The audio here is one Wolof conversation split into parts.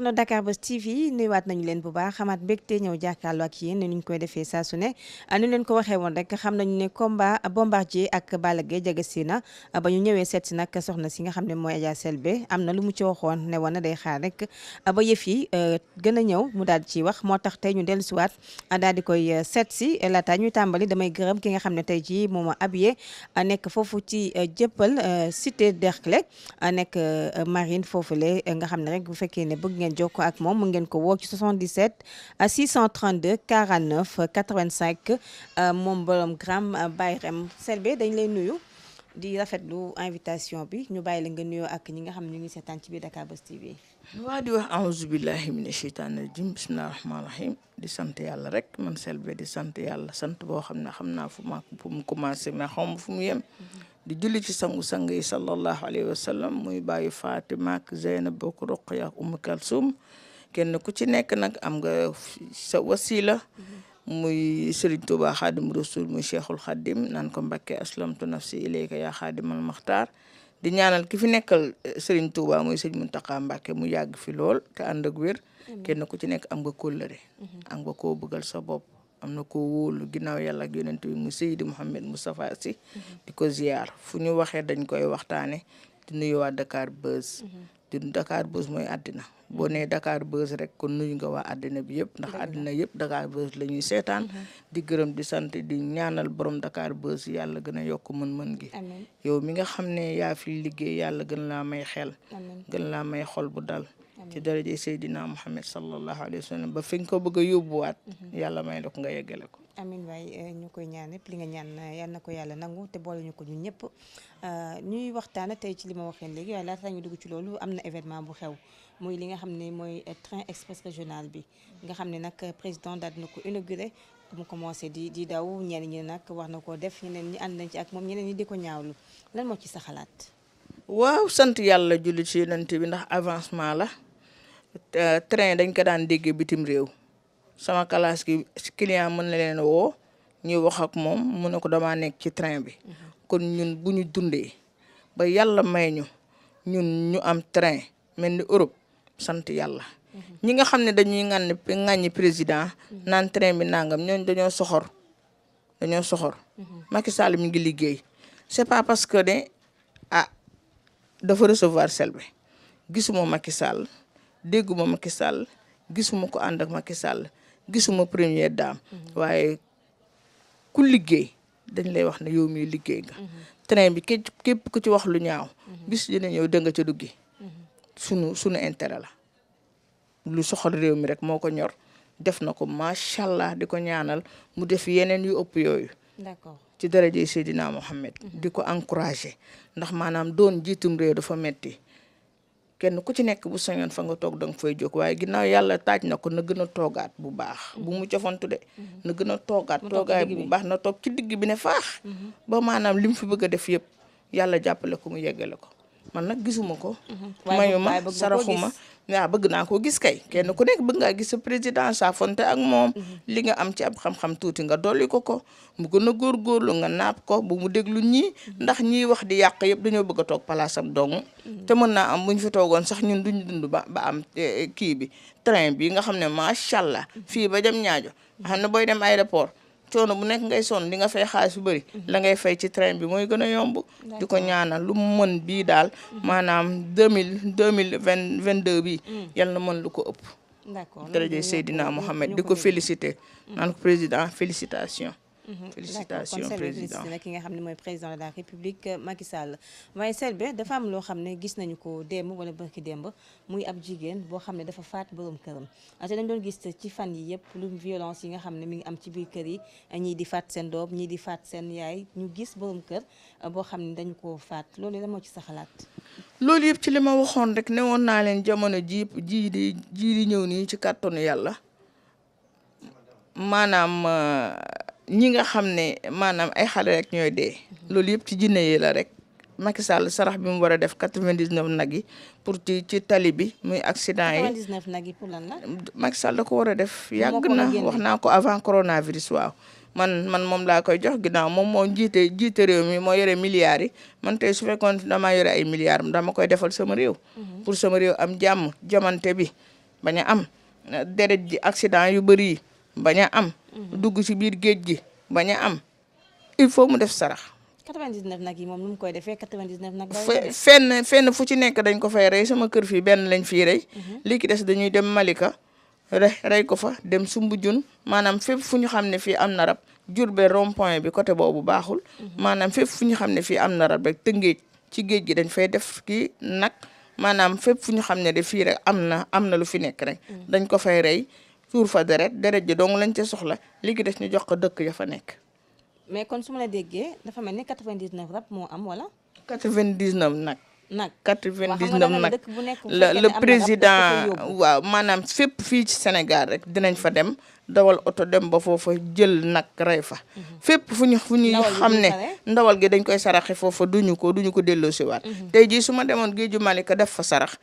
internet Dakar Buzz TV nuyuwaat nañu leen bu baax xamaat mbégte ñëw jàkkaarloo ak yéen ni koy defee saa ne ah, ni leen ko waxee woon rek xam nañu ne combat bombardier ak Balla Gaye na ah, ba ñu ñëwee seet si nag soxna si nga xam ne mooy Adja Selbé am na lu mu ci waxoon ne woon na day xaar rek ah, ba yëf yi euh, gën a ñëw mu daal ci wax moo tax tey ñu dellu siwaat daal di koy euh, seet si laata ñuy tàmbali damay gërëm ki nga xam ne tey jii moom abiyé nekk foofu ci euh, nekk marine foofule nga xam ne rek bu fekkee ngeen jokkoo ak moom mu ngeen ko woo ci 77 632 49 85 moom borom gramme euh, Baye Rem Selbé dañ lay nuyu di rafetlu invitation bi ñu bàyyi la nga nuyoo ak ñi nga xam ne ñu ngi seetaan ci biir Dakar Buzz TV. waa di wax aouzu billahi mina sheytaani rajim bismillahi rahmaani rahim di sant yàlla rek man Selbé di sant yàlla sant boo xam ne xam naa fu ma fu mu commencé mais xaw ma fu mu yem. di julli ci sangu-sang yi sallallahu alayhi wa sallam muy bàyyi Fatima ak Zeynab ak Ruqya ak Umu Kalsum kenn ku ci nekk nag am nga sa wasila muy Serigne Touba Xaadim Rasul muy Cheikhul Xaadim naan ko Mbakke aslamtu nafsi ilayka yaa xaadimal maxtaar di ñaanal ki fi nekkal eh, Serigne Touba muy Serigne Mountakha Mbakke mu yàgg fi lool te ànd ak wér ku ci nekk am nga kóllëre mhm. am nga koo bëggal sa am na ko wóolu ginnaaw yàlla ak yonent bi mu Seydi Mouhamed Moustapha Sy di ko ziar fu ñu waxee dañ koy waxtaane di nuyu waa Dakar Buzz di Dakar Buzz mooy àddina boo nee Dakar Buzz rek kon nuyu nga waa àddina bi yëpp ndax àddina yëpp Dakar Buzz la ñuy seetaan di gërëm di sant di ñaanal borom Dakar Buzz yàlla gën a yokk mën-mën gi yow mi nga xam ne yaa fi liggéey yàlla gën laa may xel gën laa may xol bu dal ci daraje Seydina Muhammad sallallahu alayhi wa sallam ba a mhm. yàlla may la nga yeggale ko. amin waaye eh, ñu koy ñaan lépp li nga ñaan eh, yal ko yàlla nangu ñu ko ñun ñëpp euh, ñuy waxtaan ci li ma waxee léegi waaye laata ñu dugg ci loolu am na événement bu xew muy li nga xam ne mooy eh, train express régional bi nga xam ne nag président daal dina ko inauguré mu commencé di di daw ñenn ñi nag wax na ko def ñeneen ñi ànd nañ ci ak moom ñeneen ñi di ko ñaawlu lan moo ci sa xalaat. waaw sant yàlla julli ci yonent bi ndax avancement la. Euh, train dañ ko daan déggee bitim réew sama classe gi client mën na leen woo ñuy wax moom mu ne ko damaa nekk ci train bi mhm. kon ñun bu ñu dundee ba yàlla may ñu ñun ñu am train mel ni Europe sant yàlla mhm. ñi nga xam ne dañuy ŋànni ŋàññi président mhm. naan train bi nangam ñooñ dañoo soxor dañoo soxor Macky Sall mi ngi liggéey c'est pas parce que ne ah dafa recevoir Selbé gisuma Macky Sall dégguma Macky Sall gisuma ko ànd ak Macky Sall gisuma première dame. Mhm. waaye ku liggéey dañ lay wax ne yow mii liggéey nga. Mhm. train bi képp ku ci wax lu ñaaw. Mhm. bis dina ñëw dégg nga ca duggi. sunu sunu intérêt la. lu soxal réew mi rek moo ko ñor def na ko macha allah di ko ñaanal mu def yeneen yu ëpp yooyu. d'accord ci daraja Seydina Mohamed. di ko encourager ndax maanaam doon jiitum réew dafa metti kenn ku ci nekk bu sañoon fa nga toog danga fay jóg waaye ginnaaw yàlla taaj na ko na gën a bu baax mm-hmm. bu mu cofantu de mm-hmm. na gën a toogaat toogaay bu baax na toog ci digg bi ne faax mm-hmm. ba maanaam li mu fi bëgg def yëpp yàlla jàppale ko mu yeggale ko man nag gisuma ko mayu ma waaw bëgg naa ko gis kay kenn ku nekk bëgg ngaa gis sa président sa fonte ak moom li nga am ci ab xam-xam tuuti nga dolli ko ko mu gën a góorgóorlu nga naap ko bu mu déglu ñii ndax ñiy wax di yàq yëpp dañoo bëgg a toog palaasam dong te mën naa am bu ñu fi toogoon sax ñun duñu dund ba ba am eh, eh, kii bi train bi nga xam ne macha allah fii ba jam ñaajo xam ne booy dem aéroport coono bu nekk ngay sonn di nga fay xaalis bu bëri mhm. la ngay fay ci train bi mooy gën a yomb di ko ñaana lu mën bii daal mhm. maanaam deux mille deux mille vingt vingt deux bii mhm. yal na mën lu ko ëpp d'accord jërëjëf Seydina Mohamed di ko félicité naan ko président félicitation Mhm. félicitations président nag ki nga xam ne mooy président de la république euh, Macky Sall waaye Selbé dafa am loo xam ne gis nañu ko démb wala bërki démb muy ab jigéen boo xam ne dafa faat borom këram te dañ doon gis ci fan yi yëpp lu violence yi nga xam ne mi ngi ci biir kër yi ñii di faat seen doom ñii di faat seen yaay ñu gis borom kër euh, boo xam ne dañu koo faat loolu la moo ci sa xalaat loolu yëpp ci li ma waxoon rek ne woon naa leen jamono ji jii di ji di ñëw nii ci kàttanu yàlla maanaam euh, ñi nga xam ne maanaam ay xale rek ñooy dee loolu yëpp ci jinne yi la rek Macky Sall sarax bi mu war a def quatre-vingt-dix-neuf nag yi pour ci ci tali bi muy accident yi quatre-vingt-dix-neuf nag yi pour lan la Macky Sall da ko war a def yàgg na wax naa ko avant coronavirus waaw man man moom laa koy jox ginnaaw moom moo jiite jiite réew mi moo yore milliards yi man tey su fekkoon damaa yore ay milliards dama koy defal sama réew mhm. pour sama réew am jàmm jamante bi bañ am deret ji accident yu bëri yi bañ a am. Mhm. dugg ci biir géej gi bañ a am il faut mu def sarax. 99 nag yi moom nu mu koy defee 99 nag. fenn fenn fu ci nekk dañ ko fay rey sama kër fii benn leen fii rey. Mhm. li des dañuy dem Malika. rey ko fa dem sumbu jun maanaam fépp fu ñu xam ne fii am na rab jurbe rond bi côté boobu baaxul. Mhm. maanaam fépp fu ñu xam ne fii am na rek tëngéej ci géej gi dañ fay def kii nag maanaam fépp fu ñu xam ne de fii rek am na am na lu fi nekk rek. dañ ko fay rey. suur fa deret deret ji dong lañ ca soxla li des ñu jox ko dëkk ya fa nekk. mais kon su ma la déggee dafa mel ni 99 rab moo am wala. 99 nag. nag 99 nag la le président waaw maanaam fépp fii ci Sénégal rek dinañ fa dem dawal oto dem ba foofa jël nag rey fa. Mhm. fépp fu ñu fu ñu xam ne ndawal gi dañ koy saraxe foofa duñu ko duñu ko delloosiwaat. Mhm. tey jii su ma demoon géeju Malika def fa sarax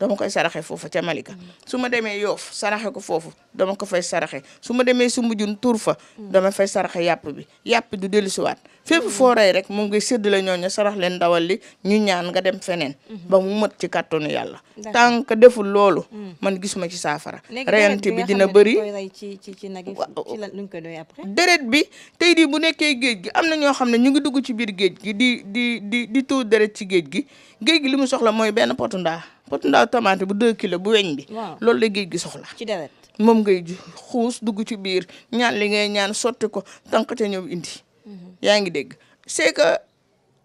dama koy saraxe foofu ca Malika mm. su ma demee Yoof saraxe ko foofu dama ko fay saraxe su ma demee Soumbédioune tuur fa mm. dama fay saraxe yàpp bi yàpp du dellusiwaat fépp mm. foo rey rek moom ngay séddale ñooñu sarax leen ndawal li ñu ñaan nga dem feneen mm-hmm. ba mu mët ci kàttanu yàlla tant deful loolu man gisuma ci saafara reyante bi dina bëri déret bi tey di bu nekkee géej gi am na ñoo xam ne ñu ngi dugg ci biir géej gi di di di di tuur déret ci géej gi géej gi li mu soxla mooy benn potu ndaa potu ndaw tomate bu 2 kilos bu weñ bi. loolu la géej gi soxla. ci deret moom ngay xuus dugg ci biir ñaan li ngay ñaan sotti ko tànq te ñëw indi. Mhm. yaa ngi dégg c'est que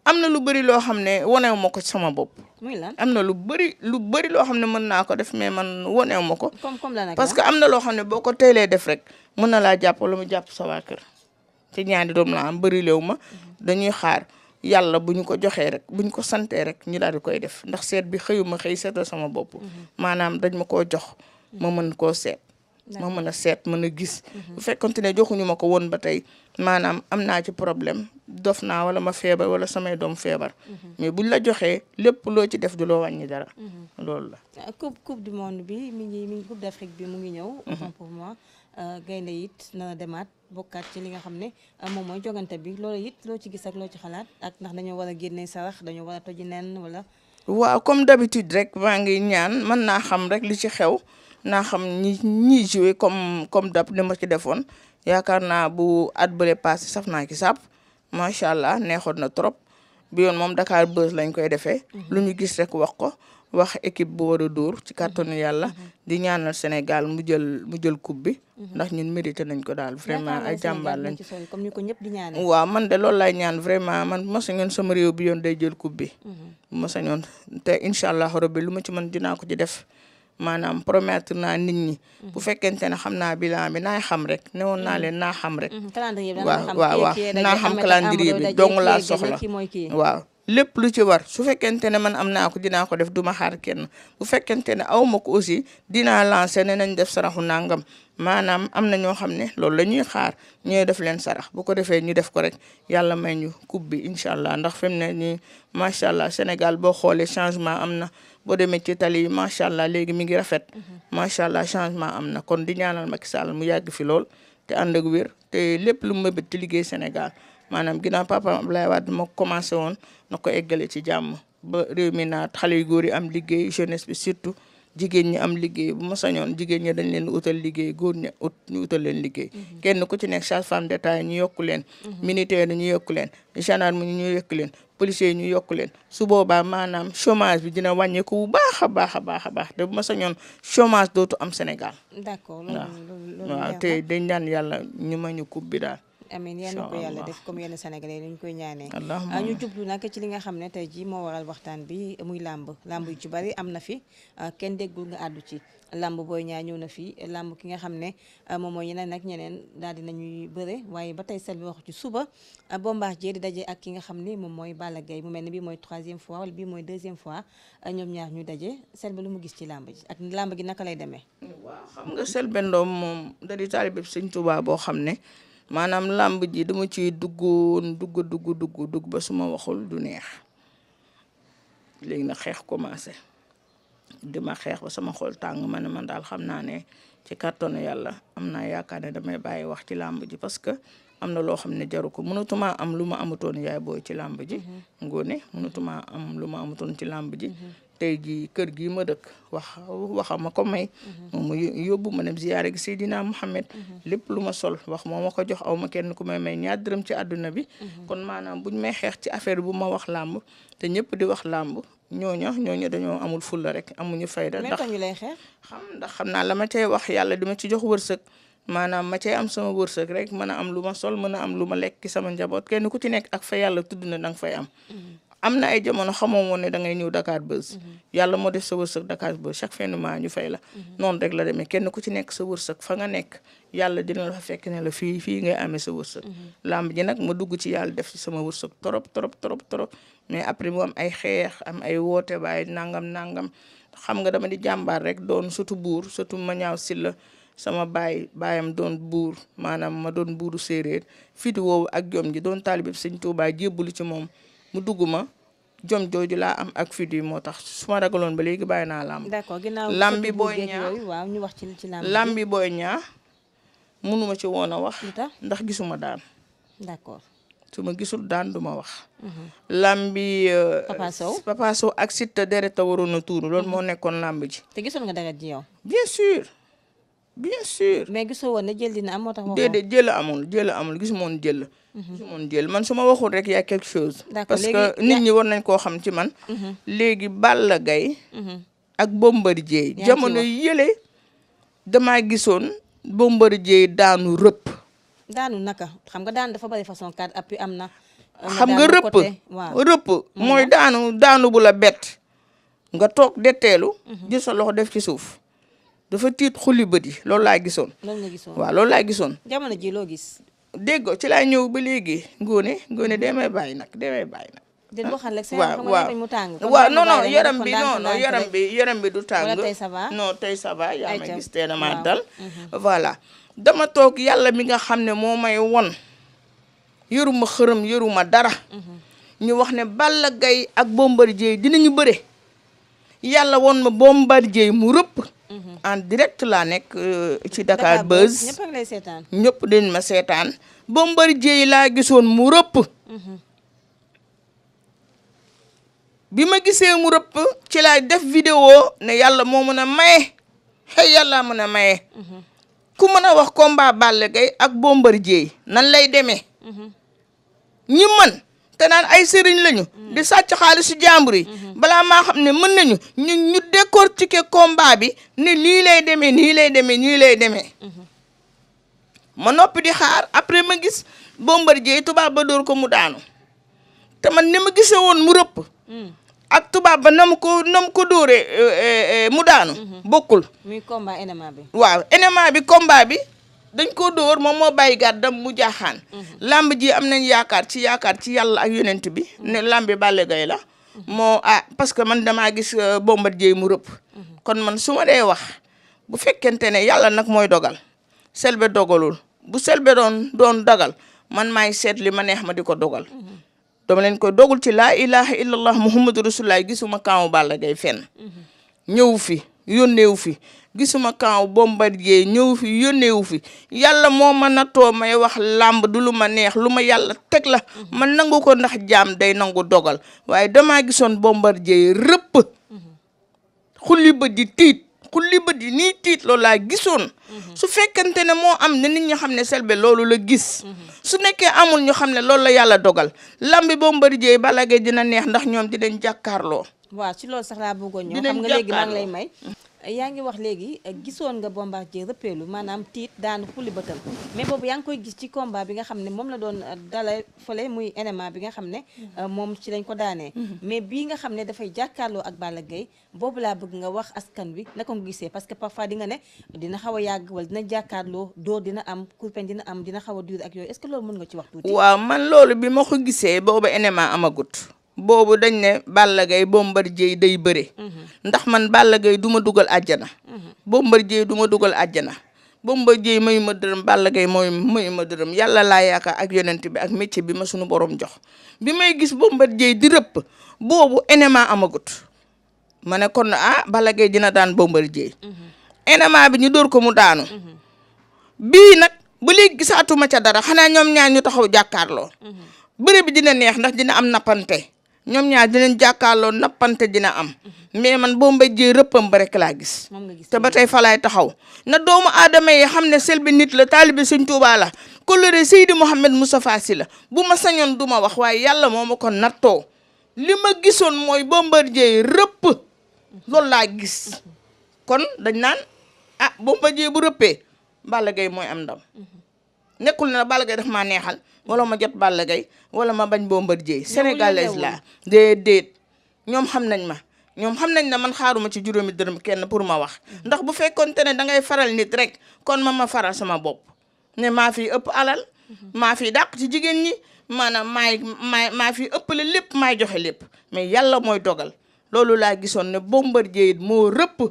am na lu bëri loo xam ne wanew ma ko sama bopp. muy lan am na lu bëri lu bëri loo xam ne mën naa ko def mais man wanew ma ko. comme comme lan parce que am na loo xam ne boo ko teelee def rek mën na laa jàpp la mu jàpp sa ci ñaani te ñaari doom la am bëri lew ma mhm. dañuy xaar. yàlla bu ñu ko joxee rek bu ñu ko santee rek ñu daal di koy def ndax seet bi xëyuma xëy seetal sama bopp mhm. maanaam dañ ma koo jox ma mën koo seet ma mën a seet mën a gis mhm. bu fekkonte ne joxuñu ma ko woon ba tey maanaam am naa ci problème dof naa wala ma feebar wala samay doom feebar mhm. mais buñ la joxee lépp loo ci def du loo wàññi dara loolu la euh, coupe du monde bi mu ngi ñëw Euh, gaynde it na demaat bokkaat ci li nga xam ne euh, moom mooy jogante bi loolu it loo ci gis ak loo ci xalaat ak ndax dañoo war a génne sarax dañoo war a toji nen wala. wa comme d'habitude rek maa ngi ñaan mën naa xam rek lu ci xew naa xam ñi ñiy comme comme dab li ma ci defoon yaakaar naa bu at bële passé saf naa ki sàpp macha allah neexoon na trop bi yoon moom Dakar Buzz lañ koy defee. Mhm. lu ñu gis rek wax ko. wax équipe bu war a dóor ci kàttanu mhm. yàlla mhm. di ñaanal Sénégal mu jël mu jël coupe bi mhm. ndax ñun mérité nañ ko daal vraiment a jàmbaar lañ comme ni ko di ñaan waaw man de loolu laay ñaan vraiment man bu ma sañoon sama réew bi yoon day jël coupe bi bu ma sañoon te incha allah rabbi lu ma ci mën dinaa ko ci def maanaam promettre na nit ñi. bu fekkente ne xam naa bilan bi naay xam rek newoon naa leen naa xam rek. calendrier bi waaw waaw waaw naa xam calendrier bi dong laa soxla waaw. lépp lu ci war su fekkente ne man am na ko dinaa ko def duma xaar kenn bu fekkente ne aw ma ko aussi dina lancer ne nañ def saraxu nangam maanaam am na ñoo xam ne loolu la ñuy xaar ñooy def leen sarax bu ko defee ñu def ko rek yàlla may ñu coupe bi incha allah ndax fi ne nii macha allah Sénégal boo xoole changement am na boo demee ci tali yi macha allah léegi mi ngi rafet. Mhm. macha allah changement am na kon di ñaanal Macky Sall mu yàgg fi lool te ànd ak wér te lépp lu mu ci liggéey Sénégal. maanaam ginnaaw papa Abdoulaye Wade moo commencé woon na ko eggale ci jàmm ba réew mi naat xale yu góor yi am liggéey jeunesse bi surtout jigéen ñi am liggéey bu ma sañoon jigéen ñi dañ leen utal liggéey góor ñi ut ñu utal leen liggéey mhm. kenn ku ci nekk charge femme d'état yi ñu yokku leen mhm. militaire yi ñu yokku leen gendarme yi ñu yokk leen policiers yi ñu yokku leen su boobaa maanaam chômage bi dina wàññeeku bu baax a baax a baax a baax te bu ma sañoon chômage dootu am Sénégal d'accord waaw yàlla ñu ma ñu coupe amiin yal na ko yàlla def comme yenn sénégalais yi ñu koy ñaanee ah, ñu jublu nag ci li nga xam ne tey ji moo waral waxtaan bi muy làmb làmb yu ci bari am na fi ah, kenn déggul nga àddu ci làmb booy ñaa ñëw na fi làmb ki nga xam ne ah, moom mooy yeneen ak ñeneen daal di nañuy bëre waaye ba tey sel bi wax ci suba Bombardier di daje ak ki nga xam ne moom mooy Balla Gaye mu mel ni bii mooy troisième fois wala bii mooy deuxième fois ñoom ñaar ñu daje sel bi lu mu gis ci làmb ji ak làmb gi naka lay demee waaw xam nga Selbé Ndom moom da di taalibe Sëñ Tuubaa boo xam ne maanaam làmb ji dama ciy duggoon dugg dugg dugg dugg ba suma waxul du neex léegi na xeex commencé dima xeex ba sama xol tàng ma ne man daal xam naa ne ci kàttanu yàlla am naa yaakaar ne damay bàyyi wax ci làmb ji parce que am na loo xam ne jaru ko mënatumaa am lu ma amutoon yaay booy ci làmb ji. Mm-hmm. ngóone mënatumaa am lu ma amutoon ci làmb ji. Mm-hmm. tey jii kër gii ma dëkk wax waxa ma ko may mhm. mu yóbbu ma dem ziyaare gi Seydina Mouhamed mhm. lépp lu ma sol wax moo ma ko jox aw ma kenn ku may may ñaar dërëm ci àdduna bi mhm. kon maanaam buñ may xeex ci affaire bu ma wax làmb te ñëpp di wax làmb ñooña ñooñu dañoo amul fulla rek amuñu fayda ndax ñu lay xeex xam ndax xam naa la ma cay wax yàlla dima ci jox wërsëg maanaam ma cay am sama wërsëg rek mën a am lu ma sol mën a am lu ma lekk sama njaboot kenn ku ci nekk ak fa yàlla tudd na fay am am na ay jamono xamoo woon ne da ngay ñëw Dakar Buzz. Mhm. yàlla moo def sa wërsëg Dakar Buzz chaque fin de ñu fay la. Mhm. noonu rek la demee kenn ku ci nekk sa wërsëg fa nga nekk yàlla dina la fa fekk ne la fii fii ngay amee sa wërsëg. Mhm. làmb ji nag ma dugg ci yàlla def ci sama wërsëg trop trop trop trop mais après mu am ay xeex am ay woote baay nangam nangam xam nga dama di jàmbaar rek doon surtout buur surtout ma ñaaw si la. sama baay baayam doon buur maanaam ma doon buuru séeréer fit ak jom ji doon taalib sëñ Tuubaa jébbalu ci moom mu dugg ma jom jooju laa am ak fit yi moo tax su ma ragaloon ba léegi bàyyi naa làmb. d'accord ginnaaw làmb bi booy ñaa waaw ñu wax ci ci làmb bi booy ñaa mënuma ci woon a wax. ndax gisuma daan. d'accord su ma gisul daan duma wax. Mhm. làmb bi. Euh, Papa Sow Papa Sow ak Siteu deret a waroon a tuuru loolu moo nekkoon làmb ji. te gisoon nga deret ji yow. bien sûr. bien sûr mais gisoo woon ne jël dina am moo tax. déedéet jël amul jël amul gis moon jël. Mhm. gis moon jël man su ma waxul rek yaa quelque chose. parce que nit ñi war nañ koo xam ci man. Mhm. léegi Balla Gaye mhm. ak Bombardier jamono yële damaa gisoon Bombardier daanu rëpp. daanu naka xam nga daanu dafa bari façon carte appui am na. xam nga rëpp rëpp mooy daanu daanu bu la bett nga toog detteelu. jël sa loxo def ci suuf. dafa tiit xulli bët yi loolu laa gisoon. loolu la gisoon waaw loolu laa gisoon. jamono ji loo gis. dégg ci laa ñëw ba léegi ngóone ngóone demee bàyyi nag demee bàyyi nag. di ah, waxal rek seen xam nga mu tàng. waaw non non yaram bi non non yaram bi yaram bi du tàng. wala tey ça va non tey ça va yaa ma gis tey damaa dal. Mhm. voilà dama toog yàlla mi nga xam ne moo may won yëruma xërëm yëruma dara. Mhm. ñu wax ne Balla Gaye ak Bombardier dinañu bëre. yàlla won ma Bombardier mu rëpp. Mm-hmm. en direct laa nekk euh, ci Dakar Buzz ñëpp lay seetaan ñëpp dañ ma seetaan Bombardier la gisoon mu rëpp mm-hmm. bi ma gisee mu rëpp ci lay def vidéo ne yàlla moo mën a maye xëy yàlla mën a maye mm-hmm. ku mën a wax combat Balla Gaye ak Bombardier nan lay demee ñi te naan ay sëriñ lañu. Mm. di sàcc xaalisu jàmbur yi. Mm-hmm. balaa maa xam ne mën nañu ñu ñu décortiquer combat bi ne nii lay demee nii lay demee nii lay demee. Mm-hmm. ma noppi di xaar après ma gis Bombardier tubaab ba dóor ko mu daanu te man ni ma gisee woon mu rëpp. Mm. ak tubaab ba na mu ko na ko dóoree euh, euh, euh, mu daanu. Mm-hmm. bokkul muy combat MMA waaw MMA bi combat bi. dañ ko dóor moom moo bàyyi dam mu jaaxaan. Mhm. làmb ji am nañ yaakaar ci yaakaar ci yàlla ak yonent bi. Mhm. ne làmbi Balla Gaye la. Mhm. moo ah parce que man damaa gis euh, Bombardier mu rëpp. kon man su dee wax bu fekkente ne yàlla nag mooy dogal. Selbé dogalul bu Selbé doon doon dogal man maay seet li ma neex ma di ko dogal. doom leen koy dogul ci laa ilaha illallah muhammadu rasulullah gisuma kaamu Balla Gaye fenn. ñëw fi yónneewu fi. gisuma bombar Bombardier ñëw fi yónneewu fi yàlla moo ma nattoo may wax làmb du lu ma neex lu ma yàlla teg la ma nangu ko ndax jaam day nangu dogal waaye dama gisoon Bombardier rëpp xulli bët di tiit xulli bët di nii tiit loolu laa gisoon su fekkante ne moo am ne nit ñi xam ne selbe loolu la gis su nekkee amul ñu xam ne loolu la yàlla dogal làmbi Bombardier Balla Gaye dina neex ndax ñoom dinañ jàkkaarloo waaw si loolu sax laa bëggoon ñëw xam nga léegi maa lay may yaa ngi wax léegi eh, gisoon nga Bombardier rëppeelu maanaam tiit daan xuli bëtam mais boobu yaa ngi koy gis ci combat bi nga xam ne moom la doon eh, dala fële muy MMA bi nga xam ne eh, moom ci lañ ko daanee mm-hmm. mais bii nga xam ne dafay jàkkaarloo ak bala Gaye boobu laa bëgg nga wax askan wi naka nga gisee parce que parfois di nga ne dina xaw a yàgg wala dina jàkkaarloo dóor dina am kurpen dina am dina xaw a dur ak yooyu est-ce que loolu mën nga ci wax tuuti waaw man loolu ko gisee boobu MMA amagut boobu dañ ne Balla Gaye Bombardier day bëre. Mhm. ndax man Balla Gaye du ma dugal àjjana. Mhm. Bombardier du ma dugal àjjana. Bombardier mayu ma dërëm Balla Gaye mooy mayu ma dërëm yàlla laa yaakaar ak yonent bi ak métier bi ma sunu borom jox bi may gis Bombardier di rëpp boobu enema amagut ma ne kon ah Balla Gaye dina daan Bombardier. enema mhm. bi ñu dóor ko mu daanu. bii nag ba léegi gisaatuma ca dara xanaa ñoom ñaar ñu taxaw jàkkaarloo. bëre bi dina neex ndax dina am nappante. ñoom ñaar dinañ jàkkaarloo nappante dina am mais man boo mbéj rëppam ba rek laa gis te ba tey falaay taxaw na doomu aadama yi xam ne Selbé nit la taalibe Sëñ Tuubaa la koloré Seydi Mouhamed Moustapha Sy la bu ma sañoon du ma wax waaye yàlla moo ma ko nattoo li ma gisoon mooy Bombardier rëpp loolu laa gis kon dañ naan ah Bombardier bu rëppee Balla Gaye mooy am ndam mhm. nekkul na Balla Gaye daf maa neexal wala ma jot Balla Gaye wala ma bañ Bombardier sénégalaise laa déedéet ñoom xam nañ ma ñoom xam nañ na man xaaruma ci juróomi dërëm kenn pour ma wax mm-hmm. ndax bu fekkonte ne da ngay faral nit rek kon ma ma faral sama bopp ne maa fi ëpp alal mm-hmm. maa fi dàq ci jigéen ñi maanaam maay maay maa fi ëppale lépp maay joxe lépp mais yàlla mooy dogal loolu laa gisoon ne mbër it moo rëpp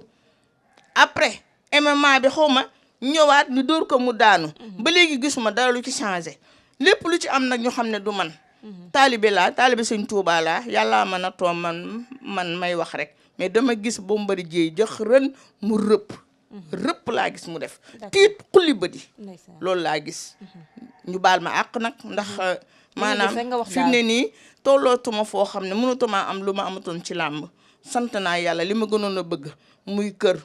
après MMA bi xaw ma ñëwaat ñu dóor ko mu daanu mm-hmm. ba léegi gisuma dara lu ci changé lépp lu ci am nag ñu xam ne du man taalibe laa taalibe sëñ Tuubaa laa yàllaa mën a too man man may wax rek mais dama gis Bombardier jëx ren mu rëpp rëpp laa gis mu def tiit xulli bëdi loolu laa gis ñu baal ma àq nag ndax mm-hmm. euh, maanaam fi mu nii tollootuma foo xam ne mënutuma am lu ma amatoon ci làmb sant naa yàlla li ma gënoon a bëgg muy kër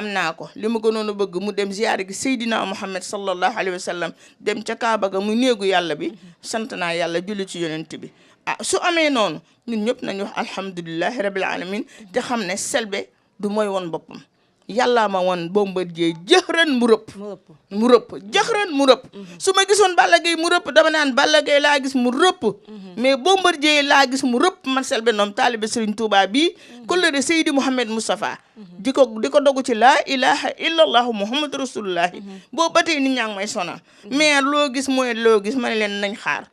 am naa ko li ma gënoon a bëgg mu dem ziyaare gi Seydina Muhammad sallallahu alayhi wa sallam dem ca Kaaba ga mu néegu yàlla bi sant naa yàlla julli ci yonent bi ah su amee noonu ñun ñëpp nañu wax alhamdulillahi rabbil alamin te xam ne selbe du mooy woon boppam yàllaa ma woon Bombardier jëxran mu rëpp mu rëpp jëxran mu rëpp mhm. su ma gisoon Balla Gaye mu rëpp dama naan Balla Gaye laa gis mu rëpp mhm. mais Bombardier la gis mu rëpp man Selbé Ndom taalibe Serigne Touba bii mhm. kollëre Seydi Mouhamed Moustapha di ko di ko dogu ci laa ilaha illallahu Muhammadu rasulullahi boo ba tey nit ñaa ngi may sonal mais loo gis mooy loo gis ma ne leen nañ xaar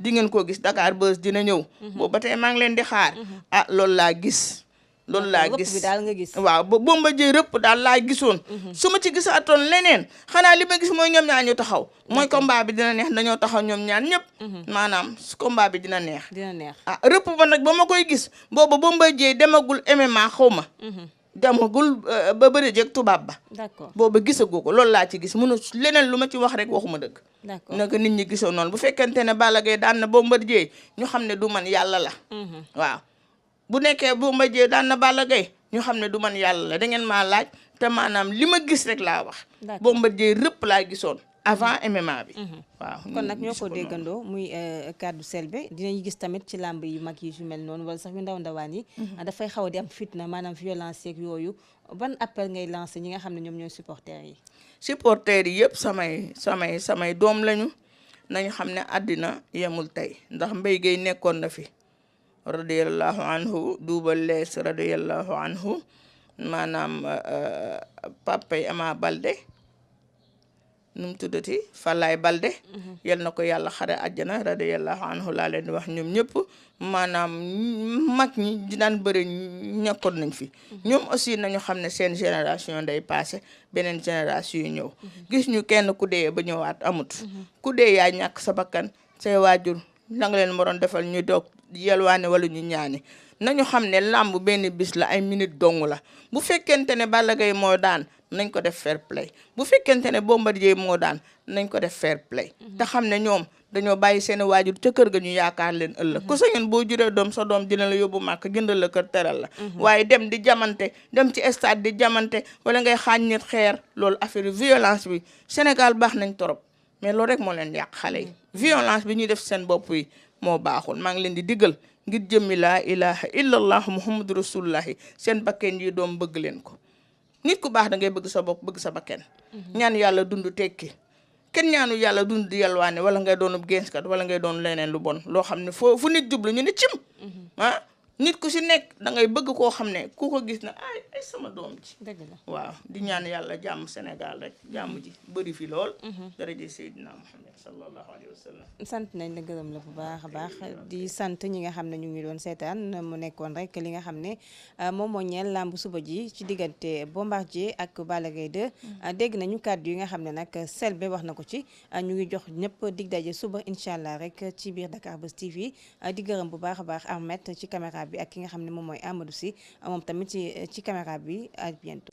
di ngeen ko gis Dakar Buzz dina ñëw boo ba tey maa leen di xaar a ah, loolu laa gis loolu laa gis daal nga gis waaw ba bomba jëy rëpp daal laa gisoon mhm. su ma ci gisaatoon leneen xanaa li ma gis mooy ñoom ñaar ñu taxaw mooy combat bi dina neex dañoo taxaw ñoom ñaan ñëpp mhm. maanaam combat bi dina neex dina neex ah rëpp ba nag ba ma koy gis booba bomba jëy demagul MMA xaw ma mhm. demagul euh, ba bëri jëg tubaab ba d'accord booba gisagoo ko loolu laa ci gis mënu leneen lu ma ci wax rek waxuma dëkk d'accord naka nit ñi gisoo noonu bu fekkente ne Balla Gaye daan na Bombardier ñu xam ne du man yàlla la bu nekkee Bomba Dieng daan na Balla Gaye ñu xam ne du man yàlla la da ngeen maa laaj te maanaam li ma gis rek laa wax. Bomba Dieng rëpp laa gisoon. avant MMA bi. Mhm. waaw kon nag ñoo ko déggandoo muy euh, kàddu selbe dinañu gis tamit ci làmb yu mag yi su mel noonu wala sax yu ndaw ndawaan yi. Mhm. dafay xaw a dem fitna maanaam violence yeeg yooyu ban appel ngay lancé ñi nga xam ne ñoom ñooy supporters yi. supporters yi yëpp samay samay samay doom lañu nañu xam ne àddina yemul tey ndax mbéy gay nekkoon na fi. radiallahu anhu duuba lees radiallahu anhu maanaam euh, papay Ama Balde nu mu tuddati Falaay Balde mm-hmm. yal na ko yàlla xare àjjana radiallahu anhu laa leen wax ñoom ñëpp maanaam mag ñi naan daan bëri ñekkoon nañ fi mm-hmm. ñoom aussi nañu xam ne seen génération day passé beneen génération yu ñëw mm-hmm. gis ñu kenn ku dee ba ñëwaat amut ku dee ñàkk sa bakkan say waajur na nga leen waroon defal ñu dog yelwaane wala ñu na ñu xam ne làmb benn bis la ay minute dong la bu fekkente ne Balla Gaye moo daan nañ ko def fair bu fekkente ne Bombardier moo daan nañ ko def fair play mhm. te xam ne ñoom dañoo bàyyi seen waajur ca kër ga ñu yaakaar leen ëllëg mhm. ku sa ngeen boo juree doom sa doom dina la yóbbu màkk jëndal la kër teral la mhm. waaye dem di jamante dem ci stade di jamante wala ngay xaañ nit xeer loolu affaire violence bi Sénégal baax nañ torop mais loolu rek moo leen yàq xale yi mm. violence bi ñuy def seen bopp moo baaxul maa ngi leen di diggal ngir jëmmi laa ilaha illallah muhammadu rasulullahi seen bakken yi doom bëgg leen ko nit ku baax da ngay bëgg sa bopp bëgg sa bakken mm-hmm. ñaan yàlla dund tekki kenn ñaanu yàlla dund di yalwaane wala ngay doonub geeskat wala ngay doon leneen lu bon loo xam ne fu nit jublu ñu ne cim mm-hmm. ah? nit ku si nekk da bëgg koo xam ne ku ko gis na ay ay sama doom ci dëgg la waaw di ñaan yàlla jàmm senegal rek jàmm ji bëri fi lool mhm. daraje Seydina Muhammad sant nañ la gërëm la bu baax a baax di sant ñi nga xam ne ñu ngi doon seetaan mu nekkoon rek li nga xam ne ah, moom moo ñeel làmb suba ji ci diggante Bombardier ak Balla Gaye 2 mhm. ah, dégg nañu kàddu yi nga xam ne nag Selbé wax na ko ci ah, ñu ngi jox ñëpp dig daje suba incha allah rek ci biir Dakar Buzz TV di gërëm bu baax a baax Ahmed ci caméra caméra bi ak ki nga xam ne moom mooy Amadou Sy moom tamit ci ci caméra bi ak bientôt